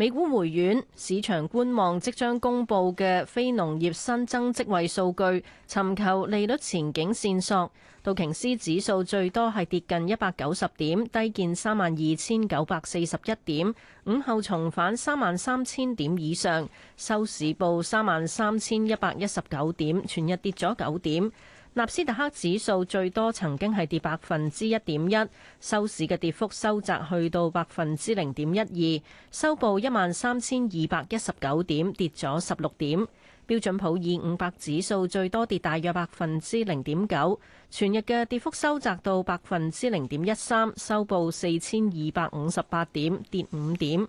美股回軟，市場觀望即將公布嘅非農業新增職位數據，尋求利率前景線索。道瓊斯指數最多係跌近一百九十點，低見三萬二千九百四十一點，午後重返三萬三千點以上，收市報三萬三千一百一十九點，全日跌咗九點。納斯達克指數最多曾經係跌百分之一點一，收市嘅跌幅收窄去到百分之零點一二，收報一萬三千二百一十九點，跌咗十六點。標準普爾五百指數最多跌大約百分之零點九，全日嘅跌幅收窄到百分之零點一三，收報四千二百五十八點，跌五點。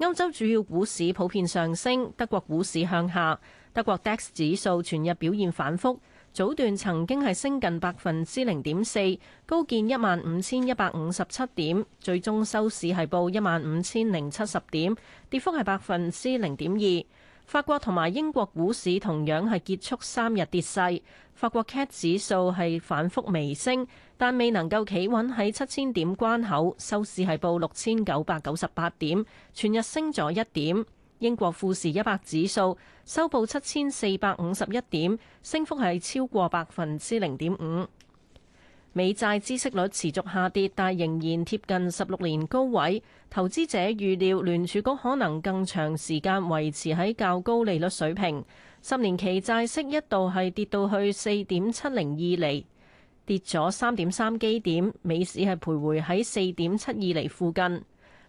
歐洲主要股市普遍上升，德國股市向下，德國 DAX 指數全日表現反覆早段曾經係升近百分之零點四，高見一萬五千一百五十七點，最終收市係報一萬五千零七十點，跌幅係百分之零點二。法國同埋英國股市同樣係結束三日跌勢，法國 CAC 指數係反覆微升，但未能夠企穩喺七千點關口，收市係報六千九百九十八點，全日升咗一點。英國富時一百指數收報七千四百五十一點，升幅係超過百分之零點五。美債孳息率持續下跌，但仍然貼近十六年高位。投資者預料聯儲局可能更長時間維持喺較高利率水平。十年期債息一度係跌到去四點七零二厘，跌咗三點三基點。美市係徘徊喺四點七二厘附近。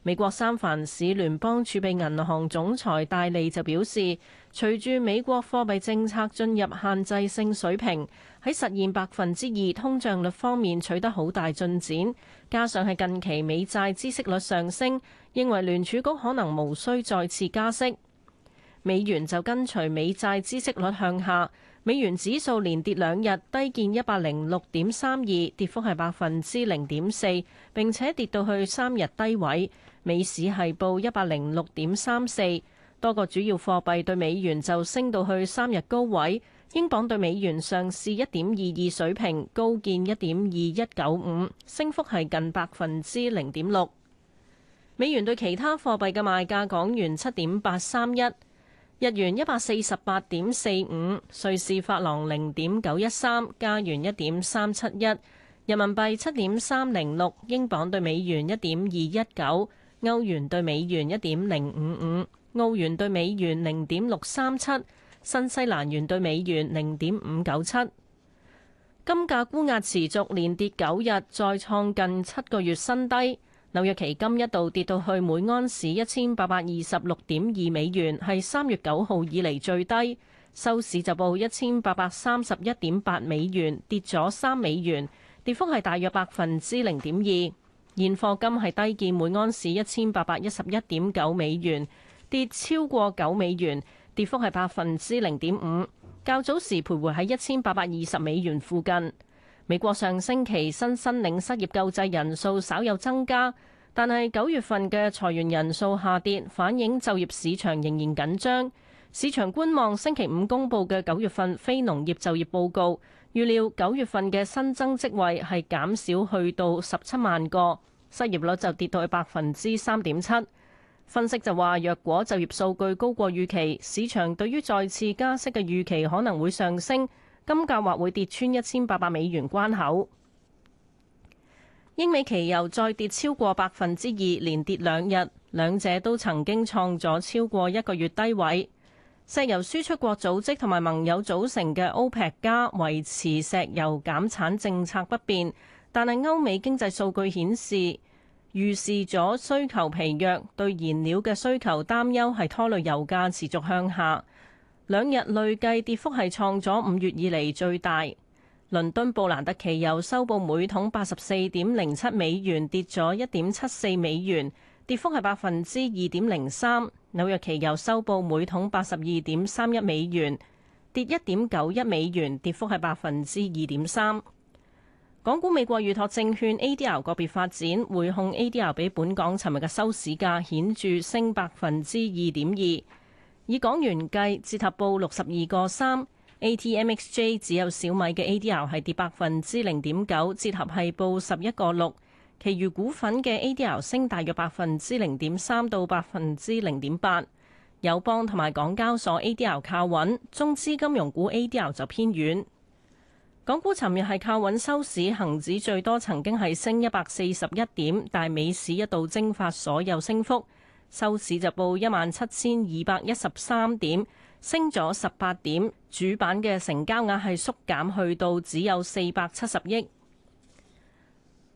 美國三藩市聯邦儲備銀行總裁戴，戴利就表示，隨住美國貨幣政策進入限制性水平，喺實現百分之二通脹率方面取得好大進展。加上係近期美債孳息率上升，認為聯儲局可能無需再次加息。美元就跟隨美債孳息率向下，美元指數連跌兩日，低見一百零六點三二，跌幅係百分之零點四，並且跌到去三日低位。美市係報一百零六點三四，多個主要貨幣對美元就升到去三日高位，英鎊對美元上試一點二二水平，高見一點二一九五，升幅係近百分之零點六。美元對其他貨幣嘅賣價，港元七點八三一，日元一百四十八點四五，瑞士法郎零點九一三，加元一點三七一，人民幣七點三零六，英鎊對美元一點二一九。歐元對美元一點零五五，澳元對美元零點六三七，新西蘭元對美元零點五九七。金價沽壓持續連跌九日，再創近七個月新低。紐約期金一度跌到去每安士一千八百二十六點二美元，係三月九號以嚟最低。收市就報一千八百三十一點八美元，跌咗三美元，跌幅係大約百分之零點二。現貨金係低見每安士一千八百一十一點九美元，跌超過九美元，跌幅係百分之零點五。較早時徘徊喺一千八百二十美元附近。美國上星期新申領失業救濟人數稍有增加，但係九月份嘅裁員人數下跌，反映就業市場仍然緊張。市場觀望星期五公佈嘅九月份非農業就業報告。預料九月份嘅新增職位係減少去到十七萬個，失業率就跌到去百分之三點七。分析就話，若果就業數據高過預期，市場對於再次加息嘅預期可能會上升，金價或會跌穿一千八百美元關口。英美期油再跌超過百分之二，連跌兩日，兩者都曾經創咗超過一個月低位。石油輸出國組織同埋盟友組成嘅 OPEC 加維持石油減產政策不變，但係歐美經濟數據顯示預示咗需求疲弱，對燃料嘅需求擔憂係拖累油價持續向下。兩日累計跌幅係創咗五月以嚟最大。倫敦布蘭特期油收報每桶八十四點零七美元，跌咗一點七四美元，跌幅係百分之二點零三。紐約期油收報每桶八十二點三一美元，跌一點九一美元，跌幅係百分之二點三。港股美國預託證券 ADR 個別發展，匯控 ADR 比本港尋日嘅收市價顯著升百分之二點二，以港元計，折合報六十二個三。ATMXJ 只有小米嘅 ADR 係跌百分之零點九，折合係報十一個六。其餘股份嘅 ADR 升大約百分之零點三到百分之零點八，友邦同埋港交所 ADR 靠穩，中資金融股 ADR 就偏遠。港股尋日係靠穩收市，恒指最多曾經係升一百四十一點，但美市一度蒸發所有升幅，收市就報一萬七千二百一十三點，升咗十八點。主板嘅成交額係縮減去到只有四百七十億。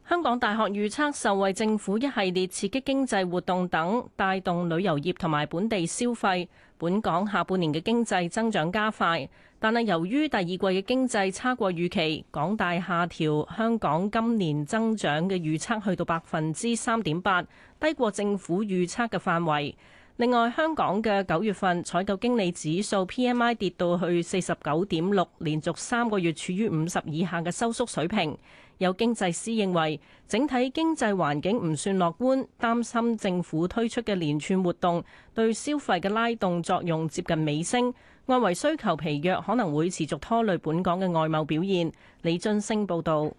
香港大學預測，受惠政府一系列刺激經濟活動等，帶動旅遊業同埋本地消費，本港下半年嘅經濟增長加快。但係由於第二季嘅經濟差過預期，港大下調香港今年增長嘅預測，去到百分之三點八，低過政府預測嘅範圍。另外，香港嘅九月份採購經理指數 PMI 跌到去四十九點六，連續三個月處於五十以下嘅收縮水平。有經濟師認為，整體經濟環境唔算樂觀，擔心政府推出嘅連串活動對消費嘅拉動作用接近尾聲，外圍需求疲弱可能會持續拖累本港嘅外貿表現。李俊升報道。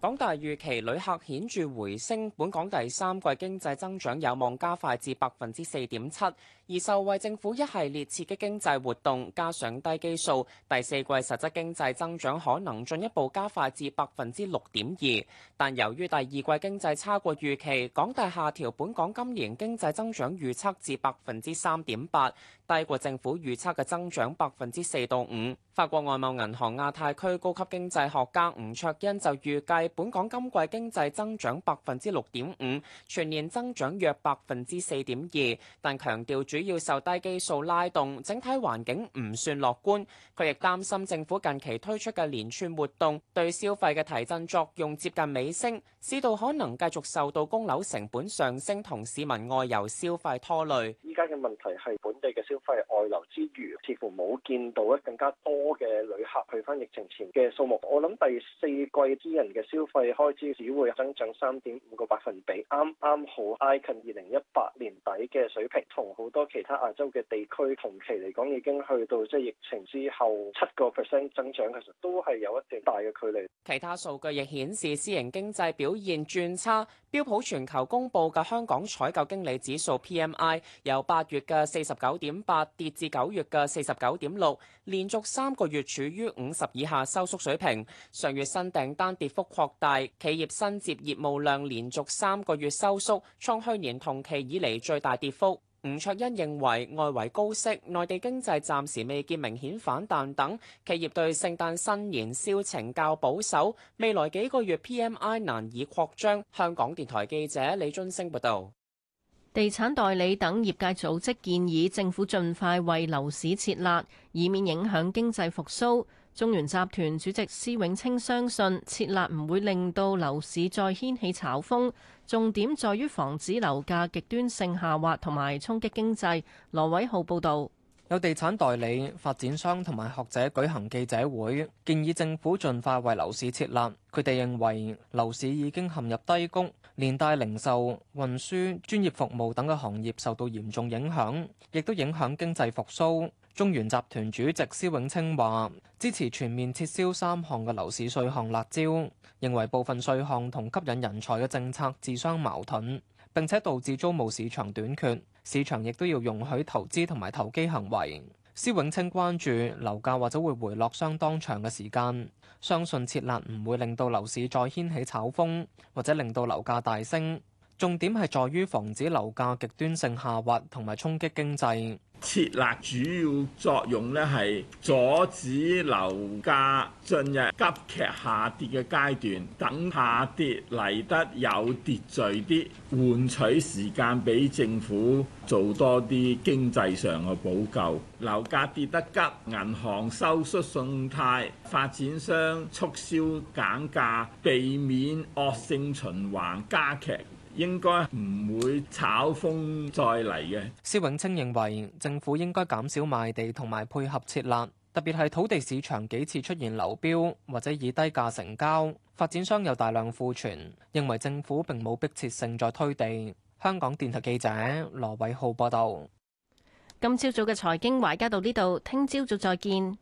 港大預期旅客顯著回升，本港第三季經濟增長有望加快至百分之四點七，而受惠政府一系列刺激經濟活動，加上低基數，第四季實質經濟增長可能進一步加快至百分之六點二。但由於第二季經濟差過預期，港大下調本港今年經濟增長預測至百分之三點八，低過政府預測嘅增長百分之四到五。法國外貿銀行亞太區高級經濟學家吳卓恩就預計，本港今季經濟增長百分之六點五，全年增長約百分之四點二，但強調主要受低基數拉動，整體環境唔算樂觀。佢亦擔心政府近期推出嘅連串活動對消費嘅提振作用接近尾聲，市道可能繼續受到供樓成本上升同市民外遊消費拖累。依家嘅問題係本地嘅消費外流之餘，似乎冇見到一更加多嘅旅客去返疫情前嘅數目。我諗第四季啲人嘅消消費開支只會增長三點五個百分比，啱啱好挨近二零一八年底嘅水平，同好多其他亞洲嘅地區同期嚟講，已經去到即係疫情之後七個 percent 增長，其實都係有一定大嘅距離。其他數據亦顯示，私營經濟表現轉差。標普全球公布嘅香港採購經理指數 PMI 由八月嘅四十九點八跌至九月嘅四十九點六，連續三個月處於五十以下收縮水平。上月新訂單跌幅擴大，企業新接業務量連續三個月收縮，創去年同期以嚟最大跌幅。吳卓欣認為外圍高息、內地經濟暫時未見明顯反彈等，企業對聖誕新年銷情較保守，未來幾個月 PMI 難以擴張。香港電台記者李津升報道，地產代理等業界組織建議政府盡快為樓市撤辣，以免影響經濟復蘇。中原集團主席施永青相信，設立唔會令到樓市再掀起炒風，重點在於防止樓價極端性下滑同埋衝擊經濟，羅偉浩報道。有地產代理、發展商同埋學者舉行記者會，建議政府盡快為樓市設立。佢哋認為樓市已經陷入低谷，連帶零售、運輸、專業服務等嘅行業受到嚴重影響，亦都影響經濟復蘇。中原集團主席施永清話：支持全面撤銷三項嘅樓市稅項辣招，認為部分稅項同吸引人才嘅政策自相矛盾，並且導致租務市場短缺。市場亦都要容許投資同埋投機行為。施永清關注樓價或者會回落相當長嘅時間，相信撤辣唔會令到樓市再掀起炒風，或者令到樓價大升。重點係在於防止樓價極端性下滑同埋衝擊經濟。設立主要作用咧係阻止樓價進入急劇下跌嘅階段，等下跌嚟得有秩序啲，換取時間俾政府做多啲經濟上嘅補救。樓價跌得急，銀行收縮信貸，發展商促銷減價，避免惡性循環加劇。應該唔會炒風再嚟嘅。施永青認為政府應該減少賣地同埋配合設立，特別係土地市場幾次出現流標或者以低價成交，發展商有大量庫存，認為政府並冇迫切性再推地。香港電台記者羅偉浩報道。今朝早嘅財經華爾街到呢度，聽朝早再見。